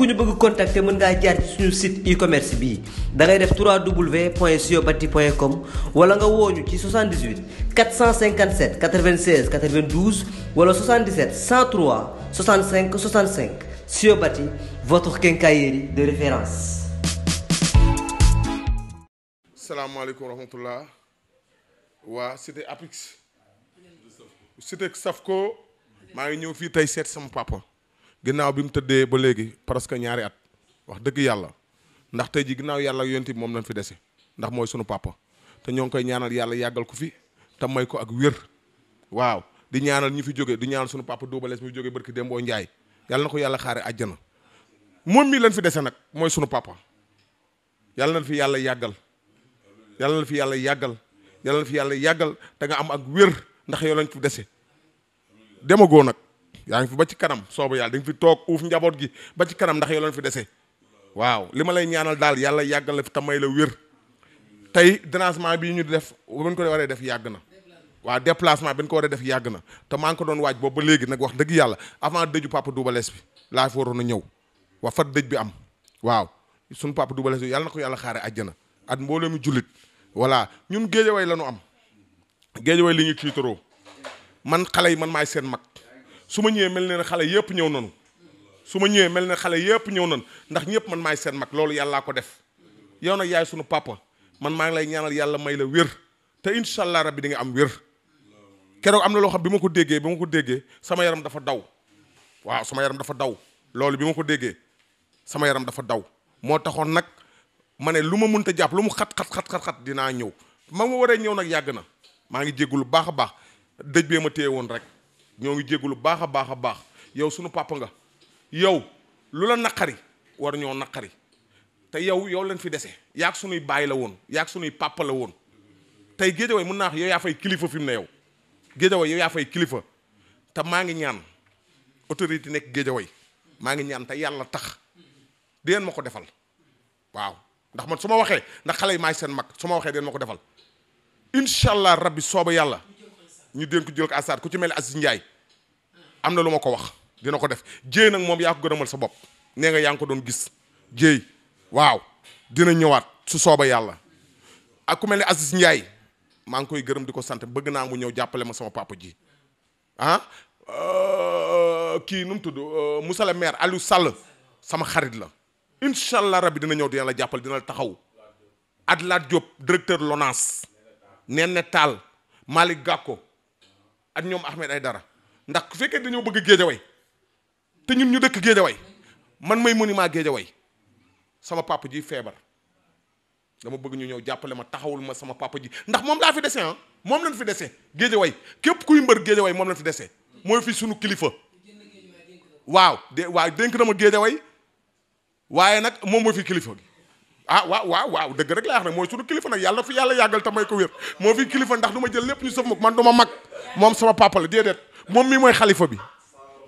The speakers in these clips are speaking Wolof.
ku ñu bëgg contacter mën ngaa jaar ci suñu site e-commerce bii da ngay def 3w point siobati point com wala nga wooñu ci 78 457 96 92 wala 77 103 65 65 Siobati votre quincaillerie de référence. salaamaaleykum wa rahmatulah waa cité Apix cité maa ngi ñëw fii tey sama papa. ginnaaw bi mu tëddee ba léegi presque ñaari at wax dëgg yàlla ndax tey ji ginnaaw yàlla ak yonti bi moom lañ fi dese ndax mooy sunu papa te ñoo ngi koy ñaanal yàlla yàggal ko fi te may ko ak wér waaw di ñaanal ñu fi jóge di ñaanal sunu papa duubalees mi jóge barki Dembo Njaay yàlla na ko yàlla xaare àjjana moom mii lañ fi dese nag mooy sunu papa yàlla na fi yàlla yàggal yàlla na fi yàlla yàggal yàlla fi yàlla yàggal te nga am ak wér ndax yow lañ fi dese demagoo nag yaa ngi fi ba ci kanam soobu yàlla di nga fi toog uuf njaboot gi ba ci kanam ndax yoo leen fi dese waaw li ma lay ñaanal daal yàlla yàggal la fi te may la wér tey dérangement bii ñu def buñ ko waree def yàgg na waaw déplacement bi ñu ko waree def yàgg na te maa ngi ko doon waaj boobu ba léegi nag wax dëgg yàlla avant dëju papa Double Less bi laa fi waroon a ñëw wax fa dëj bi am waaw sunu papa Double Less bi yàlla na ko yàlla xaare àjjana at mbooloo mi jullit voilà ñun géejaway la ñu am géejaway li ñu tiitaroo man xale yi man maay seen mag su ma ñëwee mel ne xale yëpp ñëw nanu su ma ñëwee mel ne xale yëpp ñëw nanu ndax ñëpp man maay seen mag loolu yàllaa ko def yow nag yaay sunu papa man maa ngi lay ñaanal yàlla may la wér te incha allah rabbi di nga am wér keroog am na loo xam bi ma ko déggee bi ma ko déggee sama yaram dafa daw waaw sama yaram dafa daw loolu bi ma ko déggee sama yaram dafa daw moo taxoon nag ma ne lu ma mënta jàpp lu mu xat xat xat xat dinaa ñëw ma ma waree ñëw nag yàgg na maa ngi jéggu lu baax a baax dëj bee ma téye woon rek ñoo ngi jégalu baax a baax a baax yow sunu papa nga yow lu la naqari war ñoo naqari te yow yow leen fi dese yaag sunuy bàyyi la woon yaag sunuy papa la woon tey géejawaay mun naa wax yow yaa fay kilifa fi ne yow géejawaay yow yaa kilifa te maa ngi ñaan autorité nekk géejawaay maa ngi ñaan te yàlla tax di leen ma ko defal waaw ndax man su ma waxee ndax xale yi maay seen mag su ma waxee di leen ma ko defal incha allah rabbi sooba yàlla ñu dénk jël ko asaar ku ci mel Aziz Ndiaye am na lu ma ko wax dina ko def jéey nag moom yaa ko gënamal sa bopp nee nga yaa ngi ko doon gis jéey waaw dina ñëwaat su sooba yàlla ak ku mel ne Aziz Ndiaye maa ngi koy gërëm di ko sant bëgg naa mu ñëw jàppale ma sama papa ji ah euh, kii nu mu tudd euh, Moussa le maire Aliou Sall sama xarit la incha allah bi dina ñëw dina la jàppale dina la taxaw Adelaat Diop directeur neen Nene taal Malick Gakko ak ñoom Ahmed Aïdara ndax ku fekkee dañoo bëgg géejaway te ñun ñu dëkk géejaway man may monument géejaway sama papa ji feebar dama bëgg ñu ñëw jàppale ma taxawul ma sama papa ji ndax moom laa fi dese ah moom lañ fi dese géejaway képp kuy mbër géejaway moom lañ fi dese mooy fi sunu kilifa waaw de waaw dénk dama ma géejaway waaye nag moom mooy fi kilifa gi ah waaw waaw waaw dëgg rek laa wax nag mooy sunu kilifa nag yàlla fi yàlla yàggal te may ko wér moo fi kilifa ndax du ma jël lépp ñu sëf ma man du ma mag moom sama papa la moom mii mooy xalifa bi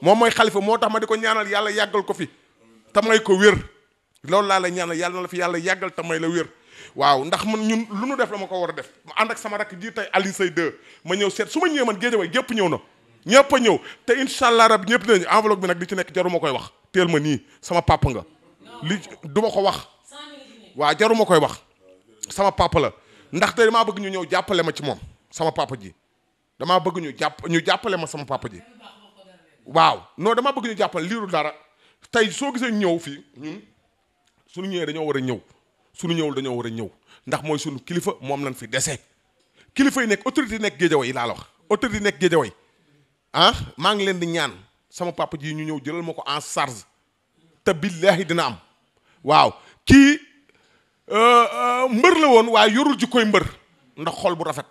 moom mooy xalifa moo tax ma di ko ñaanal yàlla yàggal ko fi te may ko wér loolu laa la ñaanal yàlla na la fi yàlla yàggal te may la waaw ndax man ñun lu nu def la ko war a def ma ànd ak sama rakk ji tey Alioune Seye ma ñëw seet su ma ñëwee man Guédiawaye gépp ñëw na ñëpp ñëw te incha allah rab ñëpp dinañu enveloppe bi nag di ci nekk jaruma koy wax teel ma nii sama papa nga li du ma ko wax waa jaruma koy wax sama papa la ndaxte damaa bëgg ñu ñëw jàppale ma ci moom sama papa ji damaa bëgg ñu jàpp ñu jàppale ma sama papa ji waaw non damaa bëgg ñu jàppale liiru dara tey soo gisee ñëw fii ñun suñu ñëwee dañoo war a ñëw suñu ñëwul dañoo war a ñëw ndax mooy suñu kilifa moom lañ fi dese kilifa yu nekk autorité nekk géejawaay yi laa la wax autorité nekk géejawaay ah maa ngi leen di ñaan sama papa ji ñu ñëw jëlal ma ko en charge te billaahi dina am waaw kii Euh, euh, mbër la woon waaye yorul ji koy mbër ndax xol bu rafet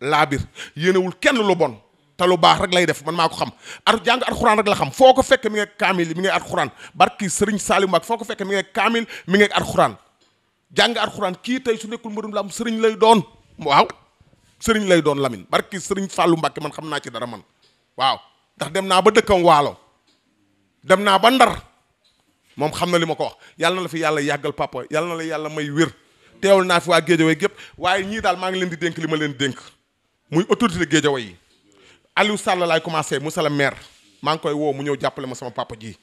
laa biir yéenewul kenn lu bon te lu baax rek lay def man maa ko xam ar jàng alxuraan rek la xam foo ko fekk mi ngi kaamil mi ngi alxuraan barki sëriñ Salim Mag foo ko fekk mi kaamil mi ngi alxuraan jàng alxuraan kii tey su nekkul mbërum la am sëriñ lay doon waaw sëriñ lay doon Lamine barki sëriñ Fallou Mbacke man xam naa ci dara man waaw ndax dem naa ba dëkkam waalo dem naa ba Ndar moom xam na li ma ko wax yàlla na la fi yàlla yàggal papa yàlla na la yàlla may wér teewul naa fi waa géejawaay gépp waaye ñii daal maa ngi leen di dénk li ma leen dénk muy autorité géejawaay yi Aliou Sall laay commencé mu sala maire maa ngi koy woo mu ñëw jàppale sama papa ji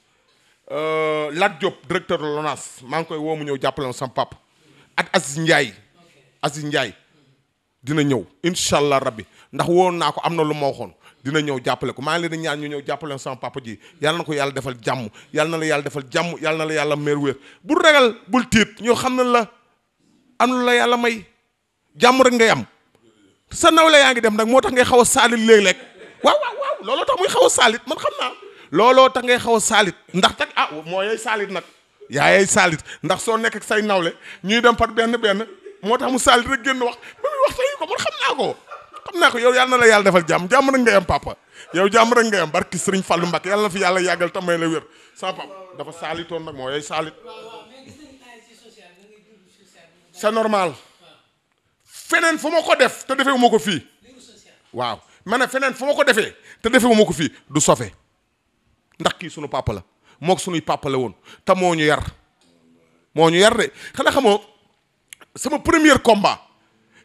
euh, Lat Diop directeur de maa ngi koy woo mu ñëw jàppale ma sama papa ak Aziz Ndiaye Aziz Ndiaye dina ñëw incha allah rabbi ndax woon naa ko am na lu ma waxoon dina ñëw jàppale ko maa ngi leen di ñaan ñu ñëw jàppale sama papa ji yàlla na ko yàlla defal jàmm yàlla na la yàlla defal jàmm yàlla la yàlla meer wéer bul ragal bul tiit ñoo xam na la am lu la yàlla may jàmm rek ngay am sa nawle yaa ngi dem nag moo tax ngay xaw a saalit léeg-léeg waaw waaw waaw looloo tax muy xaw a saalit man xam naa looloo tax ngay xaw saalit ndax tak ah moo yay saalit nag yaa yay ndax soo nekk ak say nawle ñuy dem par benn benn moo tax mu saalit rek génn wax ba xam xam naa ko yow yàlla na la yàlla defal jàmm jàmm rek nga yam papa yow jàmm rek nga yam barki sëriñ Fallou Mbacke yàlla na fi yàlla yàggal tamay la wér sa papa dafa saalitoon nag moo yay normal feneen fu ma ko def te defewu ma ko fii waaw ma ne feneen fu ko defee te defewu ko fii du sofe ndax kii sunu papa la mook sunuy papa la woon te moo ñu yar moo ñu yar de xanaa xamoo sama premier combat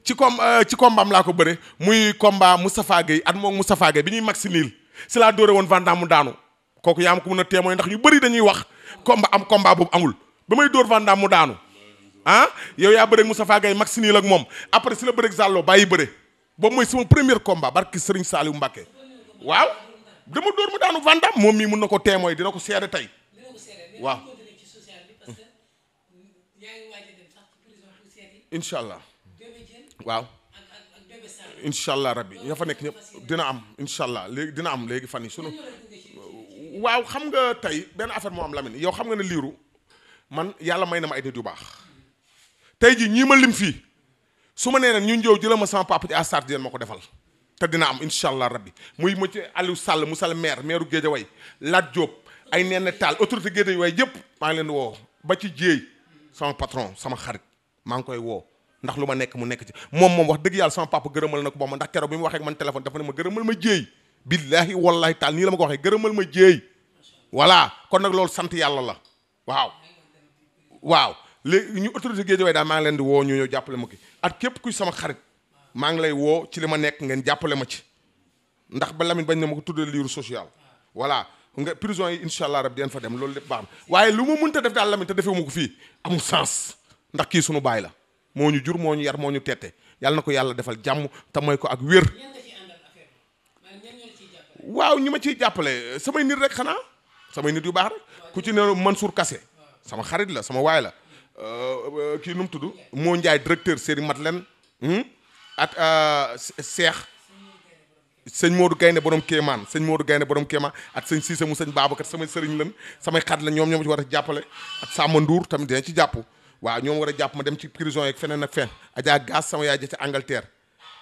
ci com euh, ci kombaam laa ko bëre muy combat Moustapha Gueye at moom Moustapha Gueye bi ñuy mag si niil si laa dóore woon Vandam mu daanu kooku yaa ma ko mën a témoin ndax ñu bëri dañuy wax combat am combat boobu amul ba may dóor Vandam mu daanu ah yow yaa bëre Moustapha Gueye mag moom après si la bàyyi bëre boobu mooy sama premier combat barki Serigne Saliou Mbacké waaw moom mii mun na ko témoin dina ko seede tey waaw incha waaw incha allah rabbi ña fa nekk ñëpp dina am incha allah léegi dina am léegi fan yi sunu waaw xam nga tey benn affaire moo am Lamine yow xam nga ne liiru man yàlla may na ma ay nit yu baax tey ji ñii ma lim fii su ma nee na ñu njëw jëla ma sama papa ci astar di leen ma ko defal te dina am incha allah rabbi muy mu ci Aliou Sall mu sal maire maire way Lat Diop ay nenn taal autorité Guédiawaye yëpp maa ngi leen woo ba ci jéey sama patron sama xarit maa ngi koy woo ndax lu ma nekk mu nekk ci moom moom wax dëgg yàlla sama papa gërëmal na ko booma ndax keroog bi mu waxee ak man téléphone dafa ne ma gërëmal ma jéey billaahi wallaahi taal nii la ma ko waxee gërëmal ma jéey voilà kon nag loolu sant yàlla la waaw waaw léegi ñu autorité Guédiawaye daal maa ngi leen di woo ñu ñëw jàppale ma ki ak képp kuy sama xarit maa ngi lay woo ci li ma nekk ngeen jàppale ma ci ndax ba Lamine bañ na ma ko tuddee livre social voilà nga prison yi incha allah fa dem loolu lépp baax na waaye lu ma mënta def daal Lamine te defewu ma ko fii amul sens ndax kii sunu baay la moo ñu jur moo ñu yar moo ñu teete yàlla na ko yàlla defal jàmm te mooy ko ak wér. waaw ma ciy jàppale samay nit rek xanaa samay nit yu baax ku ci ne Mansour Kassé sama xarit la sama waay la euh, kii nu mu tudd moo Ndiaye directeur série Madeleine hmm? at Seex euh, sëñ Modou Gaynde borom Kéemaan sëñ Modou Gaynde borom Kéemaan at sëñ Cissé mu sëñ Babacar samay sëriñ lan samay xarit la ñoom ñoom war a jàppale at Samba Ndour tamit dina ci jàpp waaw ñoom war a jàpp ma dem ci prison yeeg feneen ak fen Adja Gass sama yaay ja ca Angleterre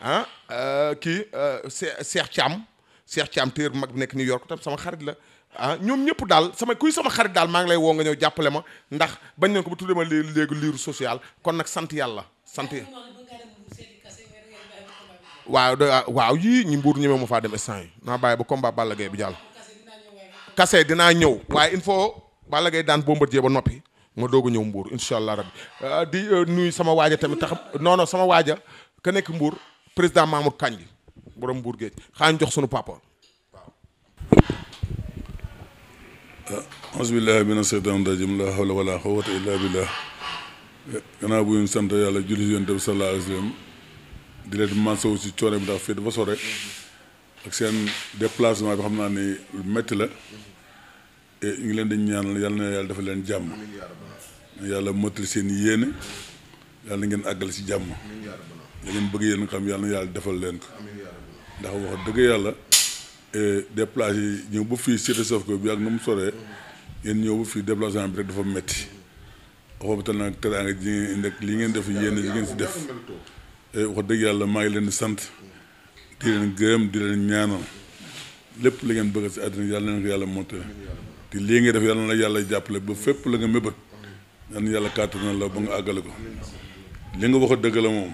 ah euh, kii euh, Cheikh Thiam Cheikh Thiam téer bu mag bi nekk New York tam sama xarit la ah ñoom ñëpp daal sama kuy sama xarit daal maa ngi lay woo nga ñëw jàppale ma ndax bañ nañ ko ba tuddee ma léegi léegi liiru social kon nag sant yàlla sant waaw waaw yii ñi mbuur ñemee ma faa dem instant yi naa bàyyi ba combat Balla Gaye bi jàll kase dinaa ñëw waaye il faut Balla Gaye daan Bombardier ba noppi ma doog ñëw mbuur incha allah rabbi ah, di euh, nuyu sama waaja tamit tax non sama waaja ka nekk mbuur président Mamour Kandji borom mbuur géej xaañ jox sunu papa waaw aousubillahi mina seytaan rajim billah gannaaw bu ñu sant yàlla julli si yonent bi sallallahu alayhi wa di leen masawu si coono bi ndax fii dafa sore ak seen déplacement bi xam naa ni lu la Eh, ñu ngi leen di ñaan yal na yàlla dafa leen jàmm yàlla mottali seen yéene yàlla ngeen àggal si jàmm la ngeen bëgg yenn xam yàlla na yàlla defal leen ko ndax wax dëgg yàlla eh, déplacé yi ñëw ba fii Cité Sofco bi ak nu mu soree ngeen ñëw ba fii déplacement bi rek dafa metti waxoobatal nag teraanga ji ngeen rek li ngeen def yéene ji ngeen si def eh, wax dëgg yàlla maa ngi leen di sant di leen gërëm di leen ñaanal lépp li ngeen bëgg si àddina yàlla na ko yàlla mottali te lii nga def yàlla na yàlla jàppale ba fépp la nga mébët yan yàlla kàttanal la ba nga àggale ko li nga wax dëgg la moom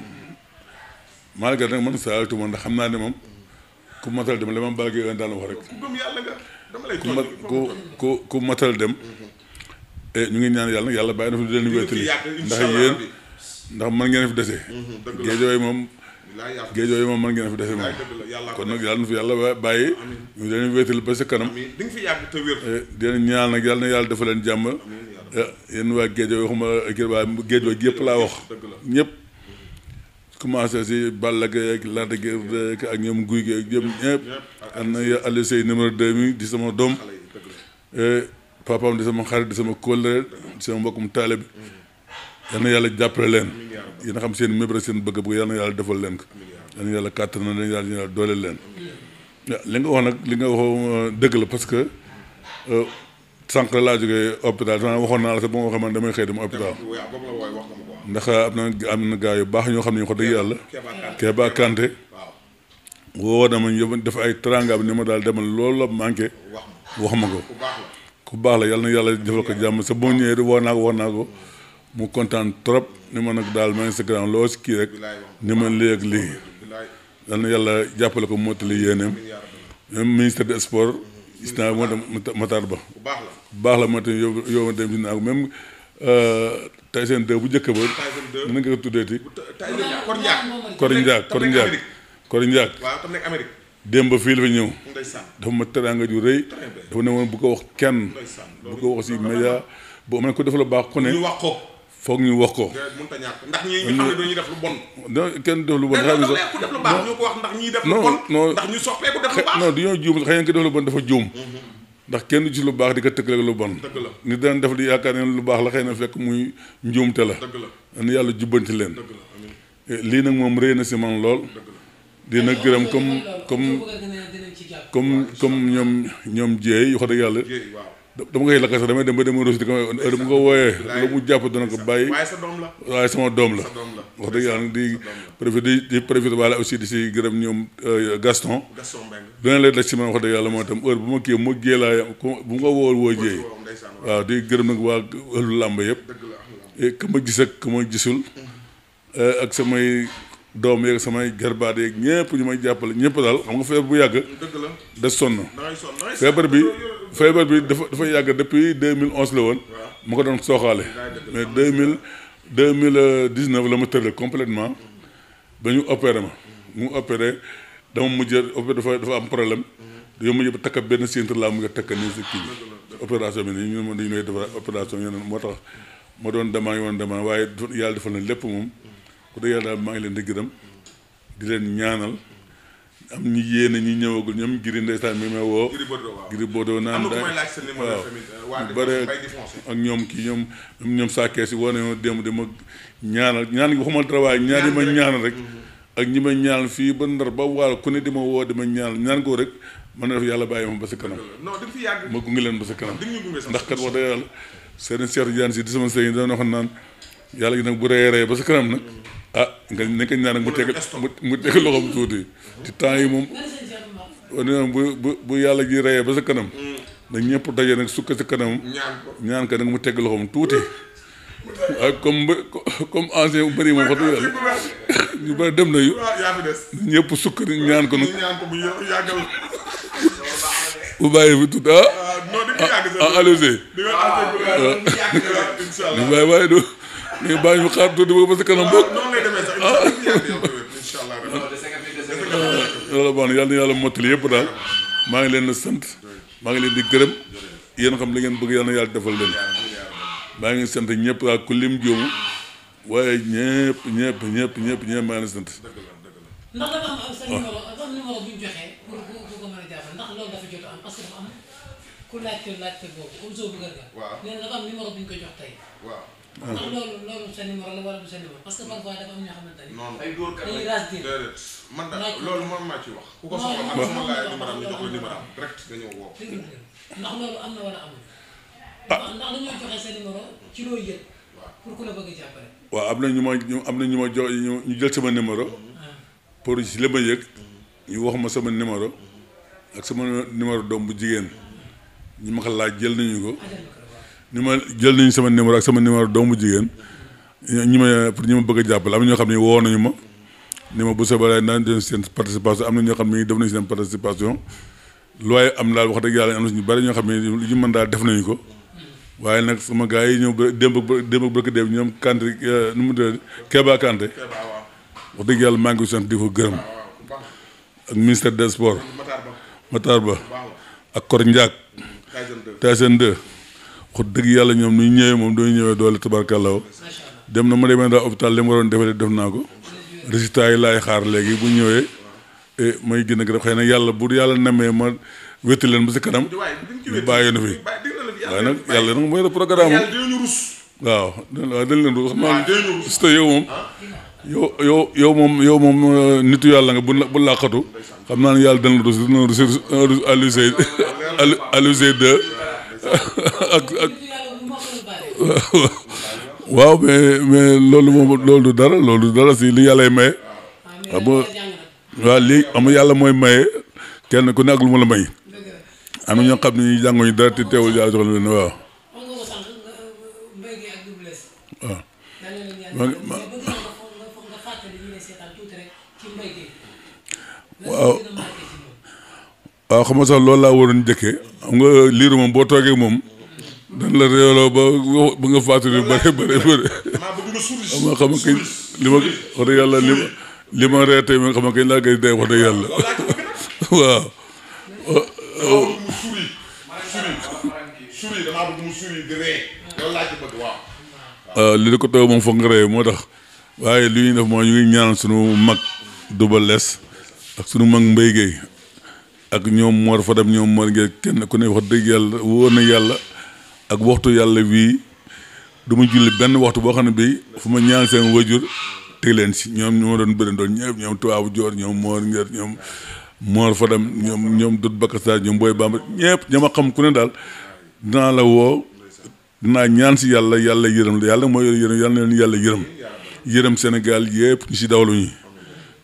malgré nag man saa ndax xam naa ne moom ku matal dem li ma bàyyi ak yéen daal wax rek ku mat ku ku ku matal dem eh, ñu ngi ñaan yàlla nag yàlla bàyyi na fi lu leen wéetali ndax yéen ndax man ngeen fi dese. Mm-hmm, dëgg moom. géej yooyu moom mën ngeen fi defee moom kon nag yàlla na fi yàlla bàyyi ñu leen wéetal ba sa kanam di nga fi eh, nag yàlla na yàlla dafa leen jàmm eh, yéen waa géej yooyu waxuma géej waa géej yooyu laa wax ñëpp commencé si Balla Gaye ak ak ñoom guy gi ak am na Aliou Seye numéro 2 di sama doom eh, papaam di sama xarit di sama kóllëre di sama mbokkum taale bi mm-hmm. yal na yàlla jàppale leen yéen a xam seen mébra seen bëgg bëgg yal na yàlla defal leen ko yal na yàlla kàttan na leen yàlla yàlla dooleel leen li nga wax nag li nga wax euh, dëgg la parce que euh, sànq laa jógee hôpital sax waxoon naa la sax ba ma waxee man damay xëy na am na gaa yu baax ñoo xam ne wax dëgg yàlla Keba woo ma ñu def ay teraanga bi ni ma daal demal loolu la manqué wax ma ko ku baax la yàlla na yàlla defal ko jàmm sa boo ñëwee woo naa ko woo mu kontaan trop ni ma nag daal maa ngi sa grand loo si kii rek ni ma lii ak lii yal na yàlla jàppale ko mottali yéeneem même ministre des sports gis naa moo tam Matar Ba baax la moo tam yow yow ma tam gis naa ko même euh, bu njëkk ba mën nga ko tuddeeti Kor Ndiak Kor Ndiak Kor Ndiak démb fii la fi ñëw dafa ma teraanga ju rëy dafa ne woon bu ko wax kenn bu ko wax si média bu am ko def la baax ku foog ñu wax ko. mënut kenn def lu bon xam nga sax ko wax ndax ñiy def lu bon ndax ñu soppeeku def juum xëy ki def lu bon dafa juum mm-hmm. ndax kenn du ci lu baax di ko tëkkale ak lu bon nit daan def di yaakaar ne lu baax la xëy na fekk muy njuumte la an yàlla jubbanti leen eh, lii nag moom rëy na si man lool dina gërëm comme comme comme comme ñoom ñoom jeey wax dëgg yàlla dama koy lakk sax damay dem ba dem wooyee la mu jàpp dana ko bàyyi waaye doom la waaye sama doom la wax dëgg yàlla di profité di di profité wala aussi di si gërëm ñoom euh, Gaston dina lay daj si man wax dëgg yàlla moo tam heure bu ma kii ma gée laa bu ma ko woo woo jéey waaw di gërëm nag waa ëllu làmb yëpp ah, eh, ka ma gis ak ka ma gisul eh, ak samay doom yeeg samay garbaat yeeg ñëpp ñu may jàppale ñëpp daal xam nga feebar bu yàgg da sonn feebar bi feebar bi dafa dafa yàgg depuis 2011 la woon. ma ko doon sooxaale. mais 2000 2019 la ma tëral complètement ba ñu opéré ma. mu opéré dama mujj opéré dafa dafa am problème. yow mujj ba takk benn centre laa mu nga takk nii si kii bi. opération bi nii ñu ne dañu lay defar opération yeneen moo tax ma doon demande yoon demande waaye yàlla defal na lépp moom. ku dee yàlla daal maa ngi leen di gërëm di leen ñaanal. am ñu yéene ñi ñëwagul ñoom Giri ndeysaan mi may woo. Giri Bodo waaw am na ku may laaj sa numéro tamit. Euh, bëre ak ñoom kii ñoom ñoom sàkkee si woo nañoo démb dama ñaanal ñaan waxuma dara waaye ñaan yi ma ñaanal rek. Mm-hmm. ak ñi ma ñaanal fii ba ndar ba waal ku ne di ma woo di ma ñaanal ñaan ko rek mën na def yàlla bàyyi ma ba sa kanam. non di ma gunge leen ba sa kanam. ndax kat wax dëgg yàlla seen Cheikh Diagne si di sama sëñ dana wax naan yàlla gi nag bu rëy rëy ba sa kanam nag ah nga nekk ñaan nag mu teg mu teg mu tuuti ci temps yi moom bu yàlla ji reyee ba sa kanam nag ñëpp daje nag sukk sa kanam ñaan ka nag mu teg loxoom tuuti waaye ah, comme ba comme ancien bu bëri moom wax dëgg bëri dem nañu ah, ñëpp sukk ñaan ko nag bu bàyyi fi tuuti ah ah, ah allez ñu bàyyi waaye do mais bàyyi ba sa kanam boog. yàlla ah, baax na yàlla na yàlla mottali yëpp daal maa ngi leen di sant maa ngi leen di gërëm yéen xam li ngeen bëgg yàlla na yàlla defal leen maa ngi sant ñëpp ak ku joomu waaye ñëpp ñëpp ñëpp ñëpp ñëpp maa ngi ko mën a jàppale ndax loolu dafa jot am parce que dafa na dafa waaw ah. ndax loolu am ñoo xamante maa ci wax. am na wala amul. ah ndax dañoo joxe sa numéro ci loo yëg. waaw am na ñu ma am na ñu ma jox ñu jël sama numéro. Ah. pour si la ma yëg. Mm-hmm. ñu wax ma sama numéro. Mm-hmm. ak sama numéro doom bu jigéen mm-hmm. ñi ma ko jël nañu ko. Ah, ni ma jël ñu sama numéro ak sama numéro doomu jigéen ñi ma pour ñi ma bëgg a jàppale am na ñoo xam ne woo nañu ma ni ma bu soobee daan def seen participation am na ñoo xam ne def nañu seen participation looy am daal wax dëgg yàlla am na ñu bari ñoo xam ne li ñu def nañu ko waaye nag sama gaa yi ñëw démb démb bëgg démb ñoom Kanté euh, nu mu tuddati Kéba Kanté wax dëgg yàlla maa ngi di ko gërëm ak ministère des sports Matar Ba ak Kor Ndiak Tyson 2 xut dëgg yàlla ñoom nu ñëwee moom dooy ñëwee doole tabarkàllaaw dem na ma demee daa hôpital li ma waroon defee def naa ko résultat yi laay xaar léegi bu ñëwee eh, may gën a def xëy na yàlla bu yàlla namee ma wétti leen ba si kanam ñu bàyyi na fi waaye nag yàlla waaw waaw leen rus xam naa yow moom yow moom yow euh, moom nitu yàlla nga bu bu làqatu xam naa ne yàlla dañ la rus dina rus Aliou Seye Aliou Seye ak ak waaw mais dara loolu dara si li yàllay maye ah, xam nga waaw lii am yàlla mooy maye kenn ku ne ak am na xam ne ñu jànguñu dara te teewul yàlla jox leen waaw waaw waaw xam nga sax loolu laa xam nga liir moom boo toogee moom dañ la réeloo ba ba nga fàttali bëri bëri bëri xam nga xam kañ li ma wax dëgg yàlla kañ laa gëj dee wax waaw euh, li di ko toog moom foog nga ree moo tax waaye li ñuy def mooy ñu ngi ñaan sunu mag Double Less sunu mag Mbaye Guèye ak ñoom Mor Fadam ñoom Mor ngeen kenn ku ne wax dëgg yàlla wóor na yàlla ak waxtu yàlla wii duma ma julli benn waxtu boo xam ne bi fu ma ñaan seen wajur teg leen si ñoom ñoo doon bëri doon ñëpp ñoom tubaabu joor ñoom Mor ñoom Mor Fadam ñoom ñoom Dut Bakassar ñoom Boy Bamba ñama xam ku ne daal dinaa la woo dinaa ñaan si yàlla yàlla yërëm la yàlla mooy yërëm yàlla na yàlla yërëm yërëm Sénégal yëpp ñu si dawalu ñi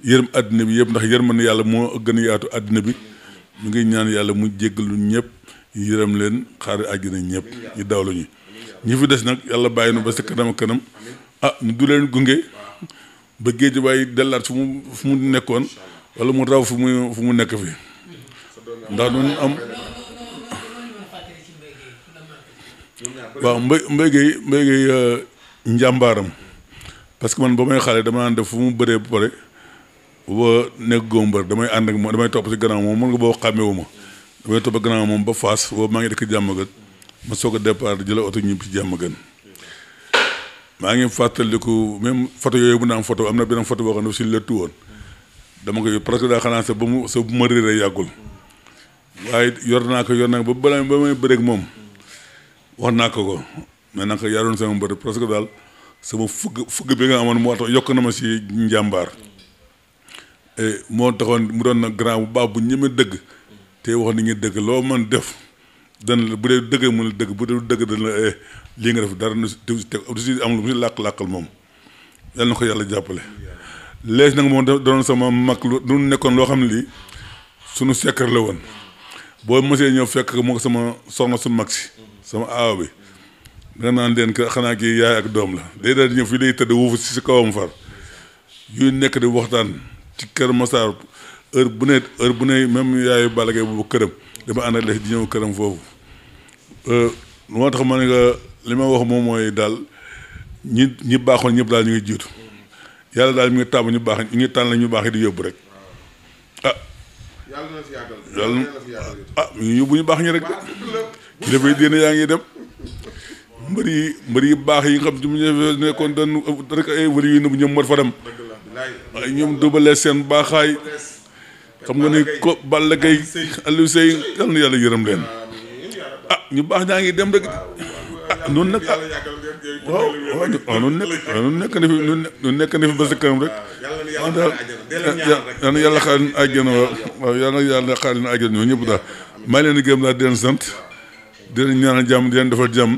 yërëm àddina bi yëpp ndax yërëm na yàlla moo gën a yaatu àddina bi mu ngi ñaan yàlla mu jéggalu ñépp yërëm leen xaari àjjana ñëpp ñu daaw la ñu ñi fi des nag yàlla bàyyi na ba sa kanam ak kanam ah ñu du leen gunge ba géej waaye dellaat fu mu fu mu nekkoon wala mu raw fu mu fu mu nekk fi ndax doon am waaw mbay mbay gay mbay gay euh, njàmbaaram parce que man ba may xale dama naan def fu mu bëree bu pare wa nekk góombar damay ànd ak moom damay topp si gannaaw moom mën nga boo xàmmewu ma damay topp gannaaw moom ba faas boobu maa ngi dëkk jàmm gën ma soog a départ jëla oto ñibbi si jàmm gën maa ngi fàttaliku même photo yooyu bu na am photo am na beneen photo boo xam ne si dama ko ba mu sa bu ma moom wax naa ko ko mais nag yaroon sama mbër parce que daal sama fugg fugg bi nga amoon moo tax yokk na ma si njàmbaar Eh, moo taxoon mu doon na grand bu baax bu ñeme dëgg te wax ni nga dëgg loo man def dana la bu dee dëgg mu la dëgg bu dee dëgg dana la eh, lii nga def dara du si am lu mu si làkk-làkkal moom yal na ko yàlla jàppale léegi nag moom doon sama mag lu nekkoon loo xam ne lii sunu sekkar la woon boo mosee ñëw fekk moo sama soxna su mag si sama aaw bi nga naan leen que xanaa kii yaay ak doom la day daal di ñëw fii lay tëdd wuufu si si kawam far yuy nekk waxtaan ci kër Massar heure bu ne heure bu ne même yaayu Balla Gaye boobu këram dama na ak di ñëw këram foofu euh, moo tax ma ne nga li ma wax moom mooy daal ñi ñi baaxoon ñëpp daal ñu ngi jiitu yàlla daal mi ngi tàmm ñu baax ñu ngi tànn la ñu baax di yóbbu rek ah. yàlla ah, yóbbu ñu baax ñi rek de kilifa yi diine yaa ngi dem mbër yi mbër yi baax yi nga mu nekkoon doon rek ay wër yu nëbb ñoom moo fa dem. waaye ñoom dubalee seen baaxaay xam nga ni ko Balla yàlla yërëm leen ah, ñu baax ñaa ngi dem rek ah noonu nag ah nekk ba sa kanam rek ah daal yal na yàlla xaar àjjana waaw di gërëm daal di leen sant di leen ñaanal jàmm di leen defal jàmm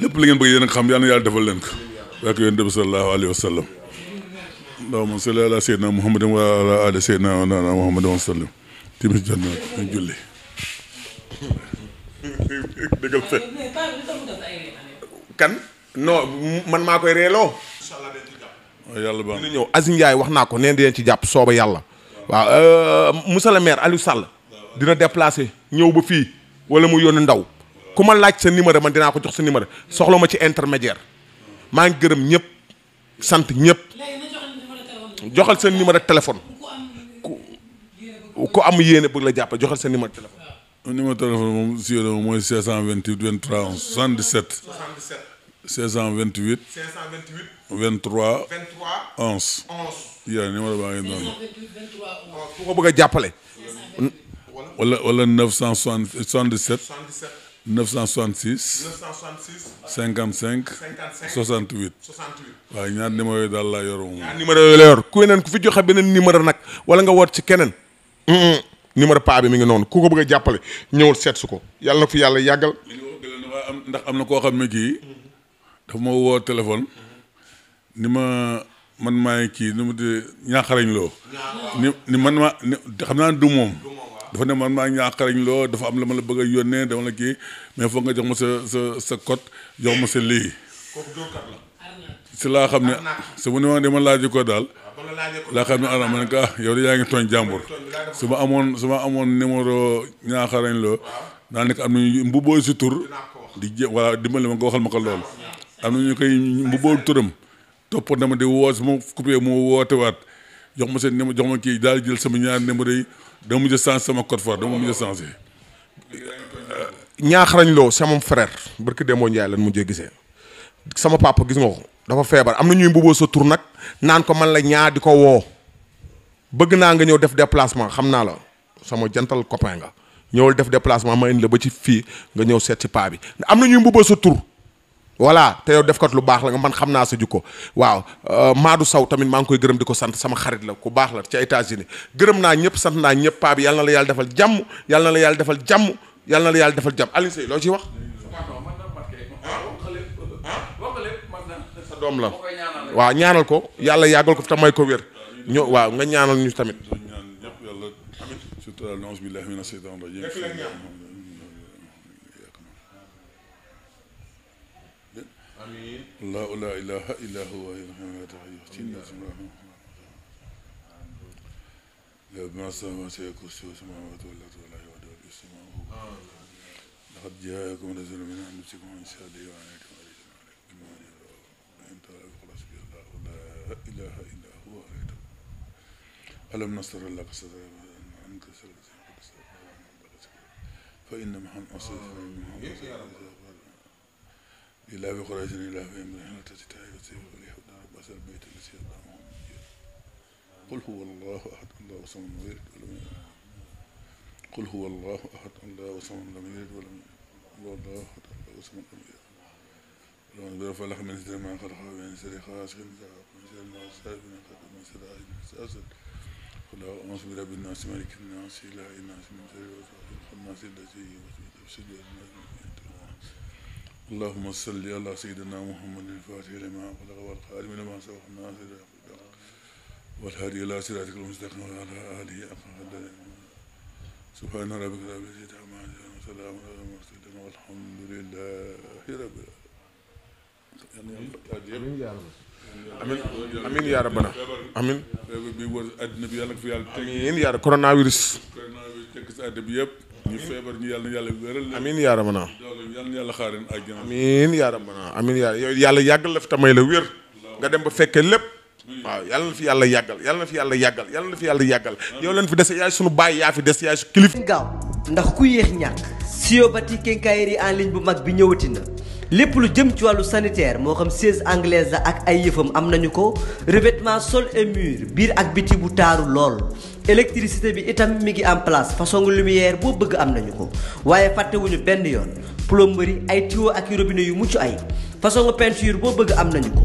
lépp li ngeen bëgg yéen a xam yal na yàlla defal leen ko. waaye ko yéen nabi sallallahu alayhi wa na ñu julli dëggal fe kan non man maa koy reeloo yàlla baax ñëw Aziz wax naa ko neen ci jàpp sooba yàlla waaw euh, monsieur le maire Aliou Sall dina déplacé ñëw ba fii wala mu yónni ndaw ku ma laaj sa numéro man dinaa ko jox sa numéro soxla ma ci intermédiaire maa ngi gërëm ñëpp sant ñëpp joxal seen numéro téléphone ku ku am yéene bëgg la jàppale joxal seen numéro téléphone. numéro téléphone moom si yore mooy 628 23 11 77. 77. 628. 628. 23. 23 11. 11. yaa numéro baa ngi noonu. Oh, ku ko bëgg a jàppale. wala wala 977. 77. 966. 966. 55. 55 68. 68 waaw ñaar numéro yooyu daal laa yoroo moom. ñaar numéro yooyu la yor ku yeneen ku fi joxe beneen numéro nag wala nga woot ci keneen. numéro paa bi mi ngi noonu ku ko bëgg a jàppale ñëwul seet su ko yàlla na fi yàlla yàggal. ndax am na koo xam ne kii. dafa ma woo téléphone. ni ma man maay kii ni mu di ñaaxarañ loo. ni man maa ni xam naa du moom. dafa ne man maa ngi ñaaxarañ loo dafa am la ma la bëgg a yónnee dama la kii mais foog nga jox ma sa sa sa code ma sa lii. kooku si laa xam ne su ma ne ma dama laaj daal. laa xam ne ana ma ne ko ah, yaa ngi tooñ jàmbur. su ma amoon su ma amoon numéro ñaaxarañ loo. naa ne ko am nañu mbuboo si tur. di jé voilà dimbali ma nga waxal ma ko lool. am na ñu koy mbuboo turam. topp na ma di woo su ma coupé moo woote waat jox ma seen jox ma kii daal jël sama ñaar numéro yi. dama mujj a sama code fort dama mujj a changé. ñaaxarañ loo sama frère barki Demba Ndiaye lan mujjee gisee sama papa gis nga ko dafa feebar am na ñuy mbuboo sa tur nag naan ko man la ñaa di ko woo bëgg naa nga ñëw def déplacement xam naa la sama jantal copain nga ñëwul def déplacement ma indi la ba ci fii nga ñëw seet ci paa bi am na ñuy mbuboo sa tur. voilà te def ko lu baax la nga man xam naa sa jukko waaw euh, maadu saw tamit maa ngi koy gërëm di ko sant sama xarit la ku baax la ca États-Unis gërëm naa ñëpp sant naa ñëpp paa bi yàlla na la yàlla defal jàmm yàlla na la yàlla defal jàmm yàlla na la yàlla defal jàmm Alioune loo ciy wax. sa doom ko yàlla yàggal ko fi te may الله لا إله إلا هو يرحمنا وتحيينا يا ابن السماوات كرسي السماوات والأرض ولا يعود السماء لقد جاءكم رسول من أنفسكم إن شاء الله يعانيكم عليكم بما أن خلاص الله لا إله إلا هو ألم نصر لك صدرك وأنكسر لك فإن محمد أصيب من محمد لله بقريش لله بإمره التي تعيب السيف وليح الدار بأس البيت الذي يضع قل هو الله أحد الله صمد لم يلد ولم يولد قل هو الله أحد الله صمد لم يلد ولم يولد الله أحد الله صمد لم يلد ولم يولد فلح من سر ما قد خاب من سر خاسق من سر العصاب من قد من سر عين أسد قل أعوذ برب الناس ملك الناس إله الناس من سر الوسواس الخناس الذي يفسد الناس allahuma salli ala sayidina muhammadin alfatih lima ughliqa walxaatimi lima sabaqa naasiri lxaq walhaadi ila siraatika almustaqim wa ala alihi haqqa qadrihi subhaana rabbika rabbil izzati amma yasifun wa salaamun ala al-mursalin walhamdulillahi rabbil aalamiin amiin yaa rabbana amiin bi wër àddina bi yàlla na ko fi yàlla teg amiin yaa coronavirus coronavirus tekk si àddina bi yëpp ñu feebar ñu yàlla na yàlla wéral la amiin yaa rabbana yàlla na yàlla xaareen àjjana amiin yaa rabbana amiin yaa yow yàlla yàggal la fi tamay la wér nga dem ba fekkee lépp waaw yàlla na fi yàlla yàggal yàlla na fi yàlla yàggal yàlla na fi yàlla yàggal yow leen fi dese yaay sunu baay yaa fi des yaay su kilif gaaw ndax ku yéex ñàkk siobati quincaillerie en ligne bu mag bi ñëwati na lépp lu jëm ci wàllu sanitaire moo xam siège anglaise la ak ay yëfam am nañu ko revêtement sol et mur biir ak biti bu taaru lool électricité bi itam mi ngi en place façon lumière boo bëgg am nañu ko waaye fàttewuñu benn yoon plomberie ay tuyaux ak i robinet yu mucc ay façon peinture boo bëgg am nañu ko.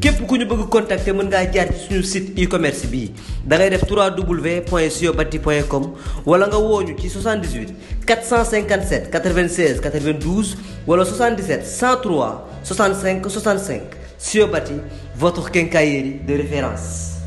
képp ku ñu bëgg contacter mën ngaa jaar ci suñu site e-commerce bii da ngay def 3w point siobati point com wala nga wooñu ci 78 457 96 92 wala 77 103 65 65 siobati votre quincaillerie de référence.